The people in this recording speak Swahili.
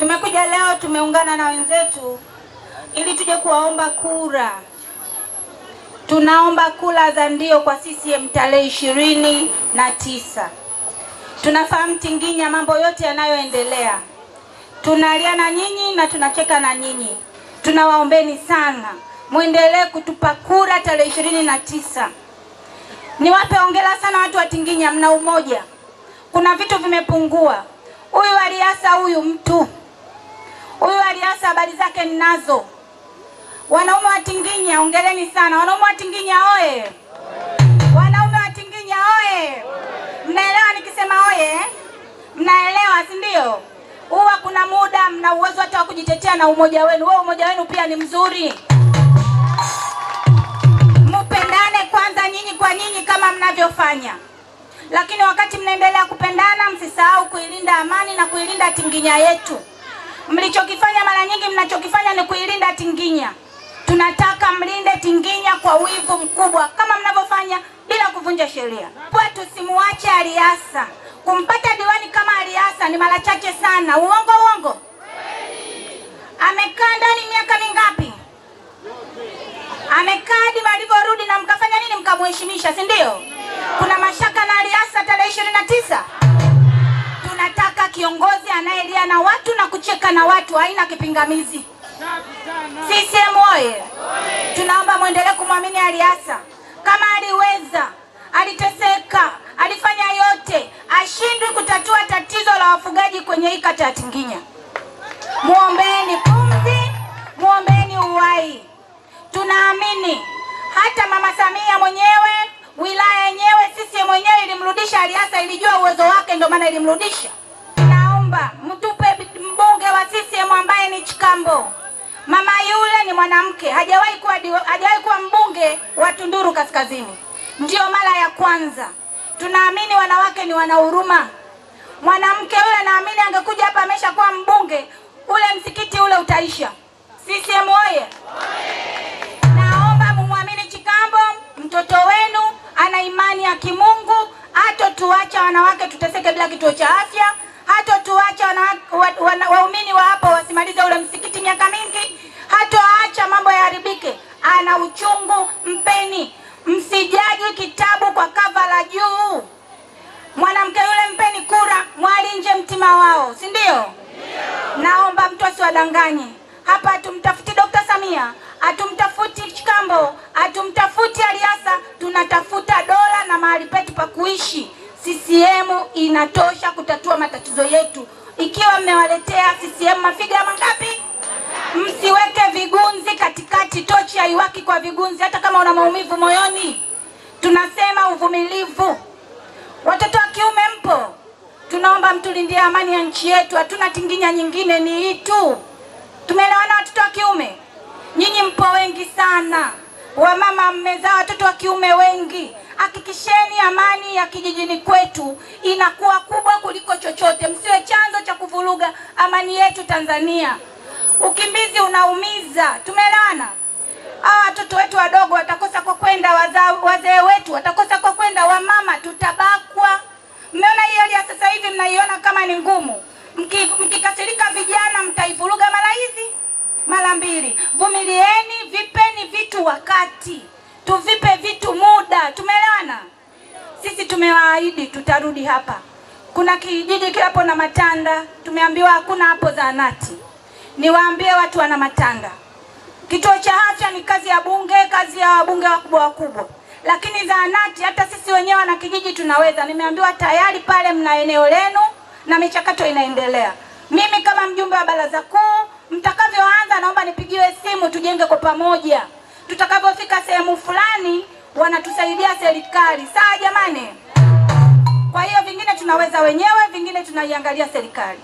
Tumekuja leo tumeungana na wenzetu ili tuje kuwaomba kura. Tunaomba kura za ndio kwa CCM tarehe ishirini na tisa. Tunafahamu Tinginya mambo yote yanayoendelea, tunalia na nyinyi na tunacheka na nyinyi. Tunawaombeni sana mwendelee kutupa kura tarehe ishirini na tisa. Niwape hongera sana watu wa Tinginya, mna umoja. Kuna vitu vimepungua. Huyu Aliasa huyu mtu Huyu Aliasa habari zake ninazo. Wanaume wa Tinginya ongeleni sana. Wanaume wa Tinginya oye! Wanaume wa Tinginya oye! Mnaelewa nikisema oye? Eh? Mnaelewa si ndio? Huwa kuna muda mna uwezo hata wa kujitetea na umoja wenu. Wewe umoja wenu pia ni mzuri, mpendane kwanza nyinyi kwa nyinyi kama mnavyofanya, lakini wakati mnaendelea kupendana, msisahau kuilinda amani na kuilinda Tinginya yetu. Mlichokifanya mara nyingi, mnachokifanya ni kuilinda Tinginya. Tunataka mlinde Tinginya kwa wivu mkubwa, kama mnavyofanya bila kuvunja sheria. Kwa tusimuache Aliasa. Kumpata diwani kama Aliasa ni mara chache sana. Uongo uongo, amekaa ndani miaka mingapi? Amekaa hadi alivyorudi, na mkafanya nini? Mkamheshimisha, si ndio? Kuna mashaka na Aliasa tarehe 29 kiongozi anayelia na watu na kucheka na watu haina kipingamizi. CCM oye! Tunaomba mwendelee kumwamini Aliasa. Kama aliweza, aliteseka, alifanya yote, ashindwi kutatua tatizo la wafugaji kwenye hii kata ya Tinginya. Muombeeni pumzi, muombeeni uhai. Tunaamini hata mama Samia mwenyewe wilaya yenyewe, sisi mwenyewe ilimrudisha Aliasa, ilijua uwezo wake, ndio maana ilimrudisha naomba mtupe mbunge wa CCM ambaye ni Chikambo. Mama yule ni mwanamke, hajawahi kuwa hajawahi kuwa mbunge wa Tunduru Kaskazini, ndio mara ya kwanza. Tunaamini wanawake ni wanahuruma. Mwanamke yule naamini angekuja hapa ameshakuwa mbunge, ule msikiti ule utaisha. CCM oye! Naomba mumwamini Chikambo, mtoto wenu ana imani ya kimungu, hatotuacha wanawake tuteseke bila kituo cha afya hatotuacha waumini wa hapo wasimalize ule msikiti miaka mingi, hatoacha mambo yaharibike. Ana uchungu, mpeni. Msijaji kitabu kwa kava la juu. Mwanamke yule mpeni kura, mwalinje mtima wao, si ndio? Naomba mtu asiwadanganye hapa. Hatumtafuti Dokta Samia, hatumtafuti Chikambo, hatumtafuti Aliasa, tunatafuta dola na mahali petu pa kuishi. CCM inatosha kutatua matatizo yetu. Ikiwa mmewaletea CCM mafiga mangapi? Msiweke vigunzi katikati, tochi haiwaki kwa vigunzi, hata kama una maumivu moyoni. Tunasema uvumilivu. Watoto wa kiume mpo, tunaomba mtulindie amani ya nchi yetu. Hatuna tinginya nyingine, ni hii tu. Tumeelewana watoto wa kiume? Nyinyi mpo wengi sana, wamama mmezaa watoto wa kiume wengi hakikisheni amani ya kijijini kwetu inakuwa kubwa kuliko chochote. Msiwe chanzo cha kuvuruga amani yetu Tanzania. Ukimbizi unaumiza, tumeelewana? Hawa watoto wetu wadogo watakosa kwa kwenda, wazee wetu watakosa kwa kwenda, wamama tutabakwa. Mmeona hii hali ya sasa hivi, mnaiona kama ni ngumu. Mkikasirika mki vijana, mtaivuruga mara hizi mara mbili. Vumilieni, vipeni vitu wakati, tuvipe vitu muda. Tumeelewana? Sisi tumewaahidi tutarudi hapa. Kuna kijiji kipo na matanda, tumeambiwa hakuna hapo zahanati. Niwaambie watu wana matanda, kituo cha afya ni kazi ya bunge, kazi ya wabunge wakubwa wakubwa, lakini zahanati hata sisi wenyewe wana kijiji tunaweza. Nimeambiwa tayari pale mna eneo lenu na michakato inaendelea. Mimi kama mjumbe wa baraza kuu, mtakavyoanza, naomba nipigiwe simu, tujenge kwa pamoja. Tutakavyofika sehemu fulani wanatusaidia serikali, sawa jamani? Kwa hiyo vingine tunaweza wenyewe, vingine tunaiangalia serikali.